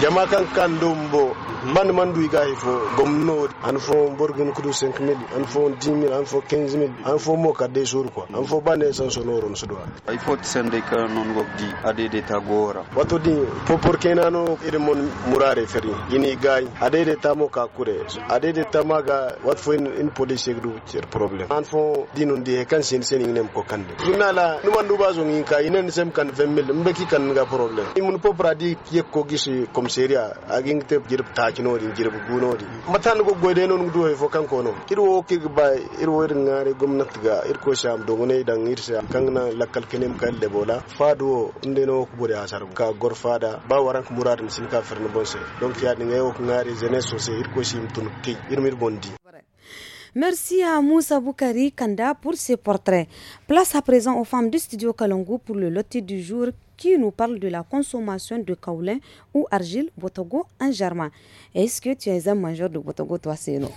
jama kan kan man man du ga ifo gomno an fo borgun kudu 5000 an fo 10000 an fo 15000 an fo mo kadde sur ko an fo bane san sonoron su do ay fo sende kan non gobdi adede ta gora wato di popor kenano irmon murare feri ini gai adede ta mo ka kure adede ta maga wat fo in police gdu cer problem an fo dinun di kan sen sen ingnem ko kande sunala numa nduba zo ngin ka inen sem kan 20000 mbeki kan ga problem imun po pradi yek ko gisi komisaria agin te jirb taakino din jirb guno din matan go goyde non gdu fo kan ko no irwo kig ba wo irwo ngare gomnati ga irko sham dongone dan irsa kan na lakkal kenem kan lebola fado ndeno ko bode asar ka gorfada ba waran ko muradin sin ka ferne bonse donc ya dinga yo ngare jeunesse so se irko shim tun ki irmir bondi Merci à Moussa Boukari Kanda pour ses portraits. Place à présent aux femmes du studio Kalongo pour le loti du jour qui nous parle de la consommation de kaolin ou argile botogo en germain. Est-ce que tu es un mangeur de botogo, toi, c'est non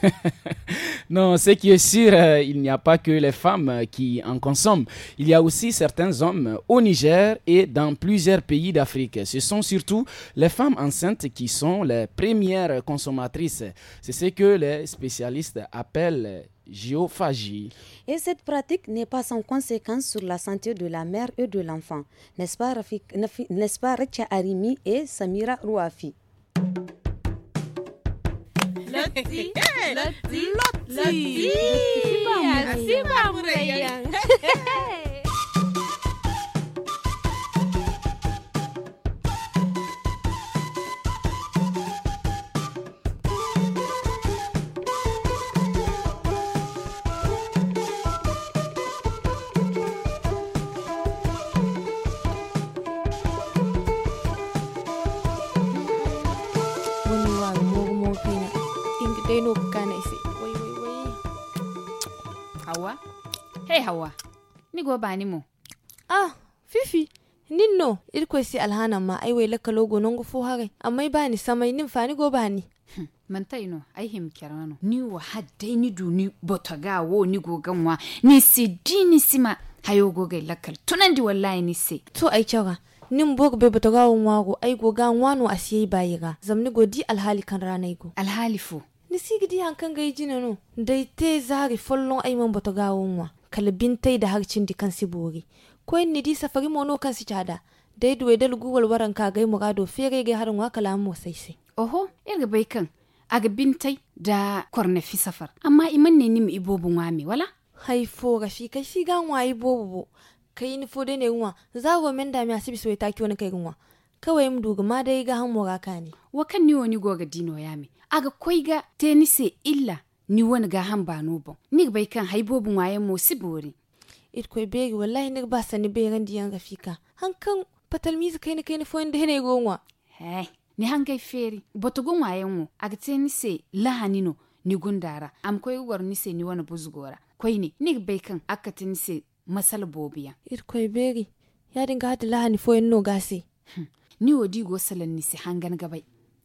Non, ce qui est sûr, euh, il n'y a pas que les femmes euh, qui en consomment. Il y a aussi certains hommes au Niger et dans plusieurs pays d'Afrique. Ce sont surtout les femmes enceintes qui sont les premières consommatrices. C'est ce que les spécialistes appellent géophagie. Et cette pratique n'est pas sans conséquence sur la santé de la mère et de l'enfant. N'est-ce pas, Rafik, n'est-ce pas Recha Arimi et Samira Rouafi Loti. Loti. si Loti. Loti. Ah, ai hawa ni go ba ni mu. ah fifi ninno si alhanan ma aiwai laka logo non gufo hare amma ba ni samai nin fani go ba ni man ta ino ai him kyarano. ni wa haddai ni duni botaga wo ni goganwa ni si di ni si ma. hayo gogai lakal tunan di wallahi ni si. to ai kyara nin bog be botaga wo wago ai gogan wano asiyai bayi ga go godi alhali kan rana go alhali fo ni sigi di hankan gai jinano dai te zari follon ai man botaga wo wa kala bintai da harcin di kan bori koyin ni di safari mono kan si cada dai duwe da luguwar waran ka gai murado fere gai harin wa kala sai sai oho irga bai kan ga bintai da korne fi safar amma iman ne ni mu ibobun wame wala ga rafi kai shi gan wayi bobo kai ni fo ne nwa za go men da mi asibi so ta ki wani kai nwa kawai mu duga ma dai ga han mugaka ne wa kan ni woni goga dino yame aga koi ga tenise illa ni wani ga han ba no bon nig bai kan haibobin wayan mo sibori it koy begi wallahi nig ba sani bai ran diyan gafika han kan patal mizi kai ni kai ni fo inda hene gonwa hey ni han kai feri boto gon wayan mo agte ni se lahani no ni gundara am koi war ni se ni wani buzgora koi ni nig bai kan akata ni se masal bobiya it koy begi ya dinga hada lahani fo no gase hmm, ni wodi go salan ni se hangan gabai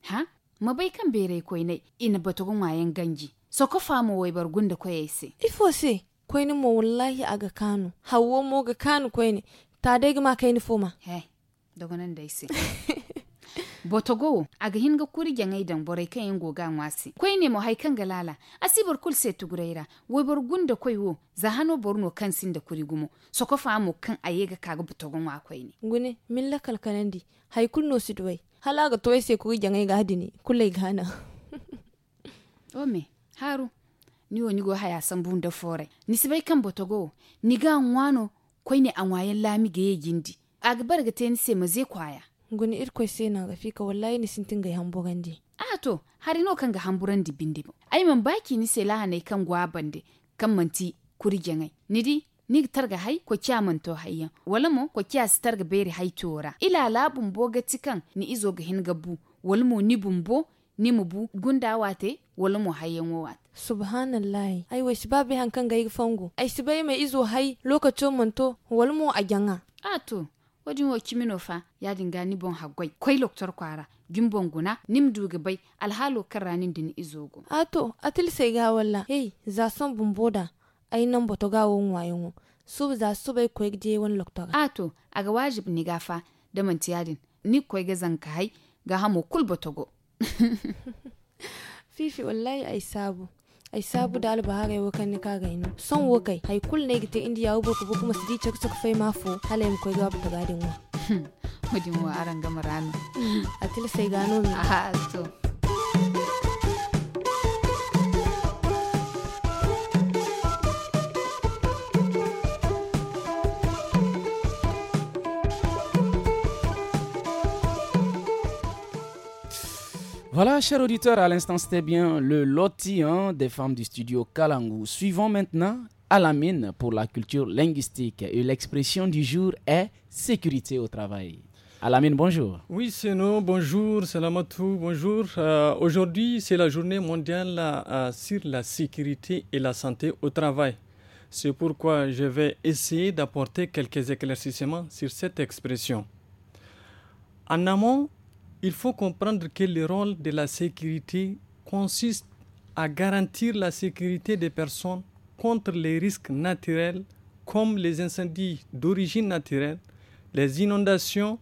ha mabai kan bere koi ne ina boto gon wayan ganji soko famu wai bargun da kwaye se ifo se kwai ni mo wallahi ga kanu hawo mo ga kanu kwai ni ta dai ma kai ni foma he daga nan dai se botogo hin ga kuri ai dan borai kan yin goga wasi kwai ne mo haikan galala asibar kul se tugureira wai bargun da kwai wo za hano borno kan sin da kuri gumo soko famu kan ayega kaga botogon wa kwai ne ngune milla kalkanandi haikul no sidwai ga toye se kuri ai ga hadini kulai gana Ome, haru ni wo haya sambundo fore ni sibai kan botogo ni ga wano koi ne lami ga yindi agbergeten ga teni se kwaya se na ga fika wallahi ni sintin ga a to hari no ga hamburandi bindi bo ai man baki ni se lahanai kan gwabande kan manti Nidi ni nig targa hai ko kya manto hayya wala ko kya beri hai tora ila labun boga tikan ni izo ga hingabu walmo ni bumbo ni mu bu gunda wate wala mu hayyan wa. subhanallahi ai wa shi babe hankan ga fango ai shi bai mai izo hai lokacin manto wala mu a gyanga a to wajin wa kimino fa ya dinga ni bon hagwai kwai loktar kwara gimbon guna nim duga bai alhalo ranin din go a to atil sai ga walla hey za son bumboda ai nan boto ga won su za su bai kwai je wani loktor a to aga wajib ni gafa da mantiyadin ni kwai ga zanka hai ga hamu kul botogo fifi wallahi ai sabu ay saabu daal baharay ga kaagayno son wakay hay ne gite indiya ubo ku kuma su chak chak fay mafu halem ba ta gadin wa mudin wa aranga marano atil sai gano mi a to Voilà, chers auditeurs, à l'instant c'était bien le loti hein, des femmes du studio Kalangu. Suivons maintenant Alamine pour la culture linguistique et l'expression du jour est sécurité au travail. Alamine, bonjour. Oui, c'est nous. Bonjour, Salamatou. Bonjour. Euh, aujourd'hui, c'est la journée mondiale euh, sur la sécurité et la santé au travail. C'est pourquoi je vais essayer d'apporter quelques éclaircissements sur cette expression. En amont, il faut comprendre que le rôle de la sécurité consiste à garantir la sécurité des personnes contre les risques naturels comme les incendies d'origine naturelle, les inondations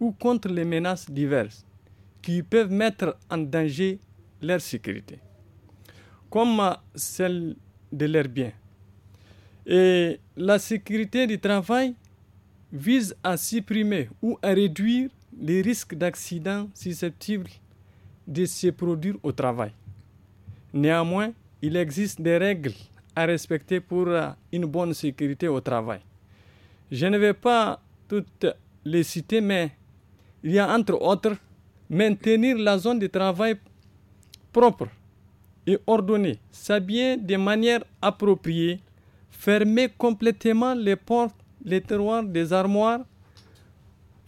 ou contre les menaces diverses qui peuvent mettre en danger leur sécurité, comme celle de leurs biens. Et la sécurité du travail vise à supprimer ou à réduire les risques d'accidents susceptibles de se produire au travail. Néanmoins, il existe des règles à respecter pour euh, une bonne sécurité au travail. Je ne vais pas toutes les citer, mais il y a entre autres maintenir la zone de travail propre et ordonnée, s'habiller de manière appropriée, fermer complètement les portes, les tiroirs des armoires,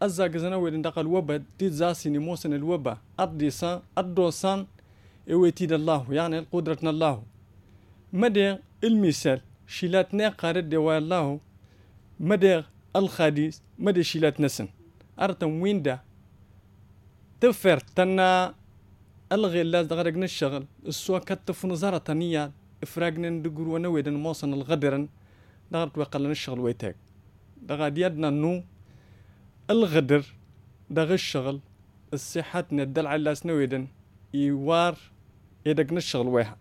azagazana wedin daqal waba did zasini mosan el waba addisan addosan ewetid allahu yani qudratna allahu مدير المثال شيلاتنا قارد دوا الله مدى الخديس مدى شيلات نسن أرتم وين دا تفر تنا الغي اللاز دغرق نشغل السوا كتف نظرة تانية إفراقنا ندقر ونويدن موسن الغدرن دغرق وقلنا الشغل ويتاك دغا ديادنا نو الغدر دغ الشغل الصحات ندل على سنويدن يوار يدقن الشغل ويها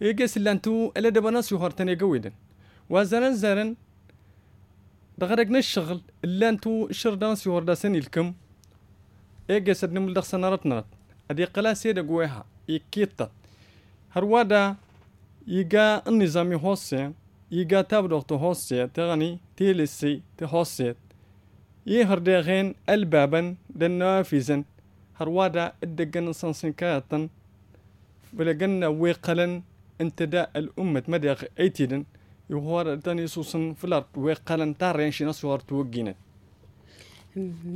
يقيس اللي انتو الا دابا ناس يوهر تاني قويدن وزرن زرن دغرقن الشغل اللي انتو شر دانس يوهر داسن الكم يقيس ادن ملدغ سنارت نرت ادي قلا سيدا قويها يكيطت هروادا يقا النظام يهوسي يقا تابدوغ تهوسي تغني تيلسي تهوسي يهر هرداغين البابا دنافيزا هروادا الدقن سنسنكاتا ولقنا ويقلا انتداء الأمة مدغ ايتيدن يهور داني سوسن فلارت ويقلا تارين شي نصور توقينا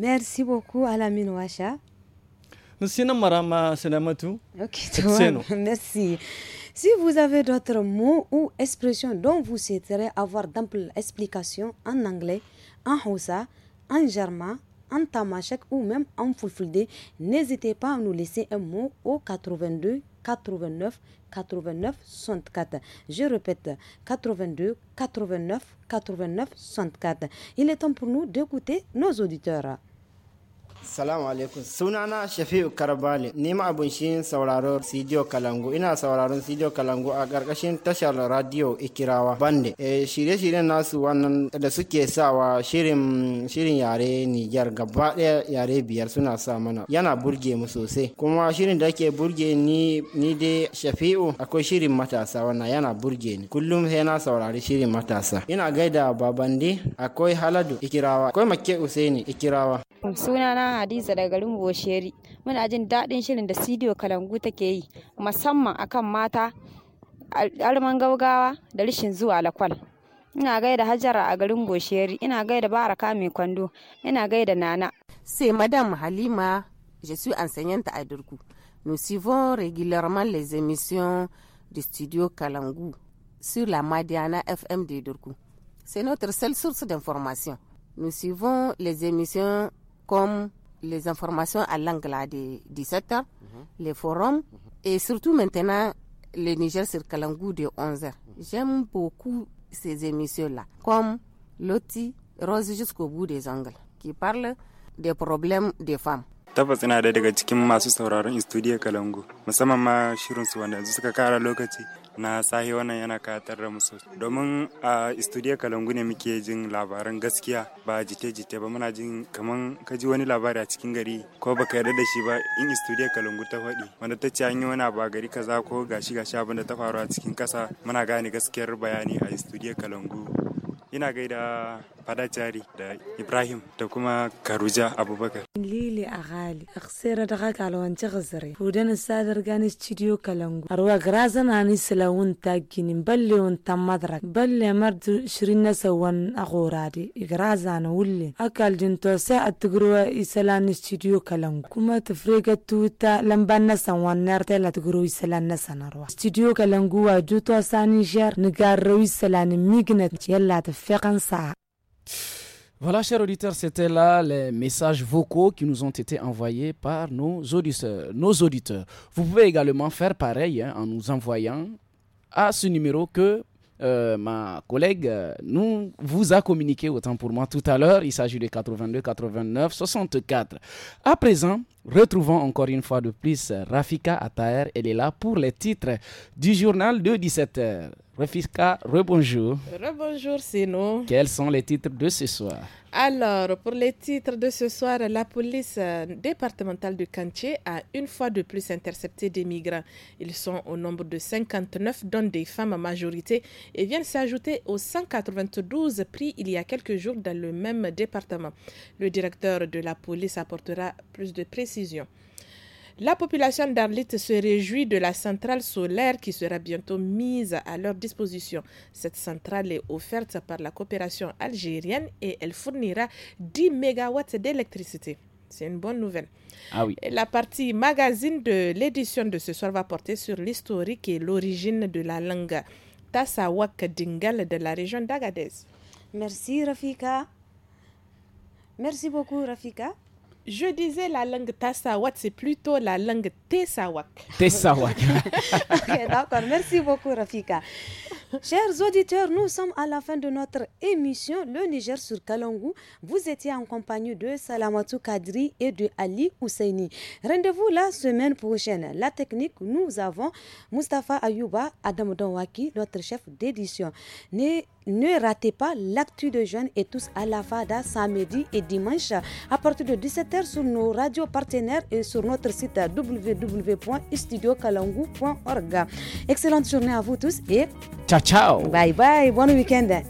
ميرسي بوكو على من واشا نسينا مرا ما سلامتو اوكي تمام ميرسي Si vous avez d'autres mots ou expressions dont vous souhaiteriez avoir d'amples explications en anglais, en hausa, en germain, en tamashek ou même en fulfulde, n'hésitez pas à nous laisser un mot au 82 89 89 64. Je répète, 82 89 89 64. Il est temps pour nous d'écouter nos auditeurs. Salamu alaikum. Sunana Shafi'u Karbali, ni abun shi sauraron Sidiyo Kalangu. Ina sauraron Sidiyo Kalangu a ƙarƙashin tashar radio Ikirawa Bande. E, shirye-shiryen nasu wannan da suke sawa shirin shirin yare Niger gaba ɗaya yare biyar suna sa mana. Yana burge mu sosai. Kuma shirin da ke burge ni ni de Shafi'u akwai shirin matasa wannan yana burge ni. Kullum sai na saurari shirin matasa. Ina gaida Babandi akwai Haladu Ikirawa akwai Makke Usaini Ikirawa. Sunana sunana Hadiza daga garin Bosheri. Muna jin daɗin shirin da Sidiyo Kalangu take yi musamman akan mata arman gaugawa da rashin zuwa lakwal. Ina gaida Hajara a garin Bosheri, ina gaida Baraka mai kwando, ina gaida Nana. Sai Madam Halima, je suis enseignante à Durku. Nous suivons régulièrement les émissions du studio Kalangu sur la Madiana FM de Durku. C'est notre seule source d'information. Nous suivons les émissions comme les informations à l'angle à 17h, les forums, mhm. et surtout maintenant, le Niger sur Kalangou de 11h. J'aime beaucoup ces émissions-là, comme Loti, Rose jusqu'au bout des angles, qui parle des problèmes des femmes. kalangu na sahi wannan yana katar da musu domin a studio kalangu ne muke jin labaran gaskiya ba jite-jite ba muna jin kamar ka ji wani labari a cikin gari ko baka yarda da shi ba in studio kalangu ta faɗi wanda ta ce an yi wani ba gari kaza ko gashi gashi abin da ta faru a cikin kasa muna gane gaskiyar bayani a studio kalangu ina gaida fada jari da ibrahim da kuma karuja abubakar lili a hali a tsere da haka alwance kasare hudun sadar gani studio kalangu arwa grazana ni silawun ta ginin balle wun ta balle mardu shirin na sauwan a gorade igrazana wulle akal to sai a tigirwa isalan studio kalangu kuma frega tuta lamban na sanwan na artela tigiro isala na sanarwa studio kalangu wa juto sani jar ni garrawi salanin mignet yalla ta Voilà, chers auditeurs, c'était là les messages vocaux qui nous ont été envoyés par nos auditeurs. Nos auditeurs. Vous pouvez également faire pareil hein, en nous envoyant à ce numéro que euh, ma collègue euh, nous vous a communiqué autant pour moi tout à l'heure. Il s'agit de 82 89 64. À présent, retrouvons encore une fois de plus Rafika Ataer. Elle est là pour les titres du journal de 17h. Fisca, rebonjour. Rebonjour, c'est nous. Quels sont les titres de ce soir Alors, pour les titres de ce soir, la police euh, départementale de Cantier a une fois de plus intercepté des migrants. Ils sont au nombre de 59, dont des femmes en majorité, et viennent s'ajouter aux 192 pris il y a quelques jours dans le même département. Le directeur de la police apportera plus de précisions. La population d'Arlit se réjouit de la centrale solaire qui sera bientôt mise à leur disposition. Cette centrale est offerte par la coopération algérienne et elle fournira 10 MW d'électricité. C'est une bonne nouvelle. Ah oui. La partie magazine de l'édition de ce soir va porter sur l'historique et l'origine de la langue Tassawak Dingal de la région d'Agadez. Merci Rafika. Merci beaucoup Rafika. Je disais la langue Tassawak, c'est plutôt la langue Tessawak. Tessawak. d'accord. Merci beaucoup, Rafika. Chers auditeurs, nous sommes à la fin de notre émission Le Niger sur Kalangou. Vous étiez en compagnie de Salamatou Kadri et de Ali Ousseini. Rendez-vous la semaine prochaine. La technique, nous avons Mustapha Ayouba, Adam Donwaki, notre chef d'édition ne ratez pas l'actu de jeunes et tous à la FADA samedi et dimanche à partir de 17h sur nos radios partenaires et sur notre site www.studiokalangu.org. Excellente journée à vous tous et ciao ciao. Bye bye, bon week-end.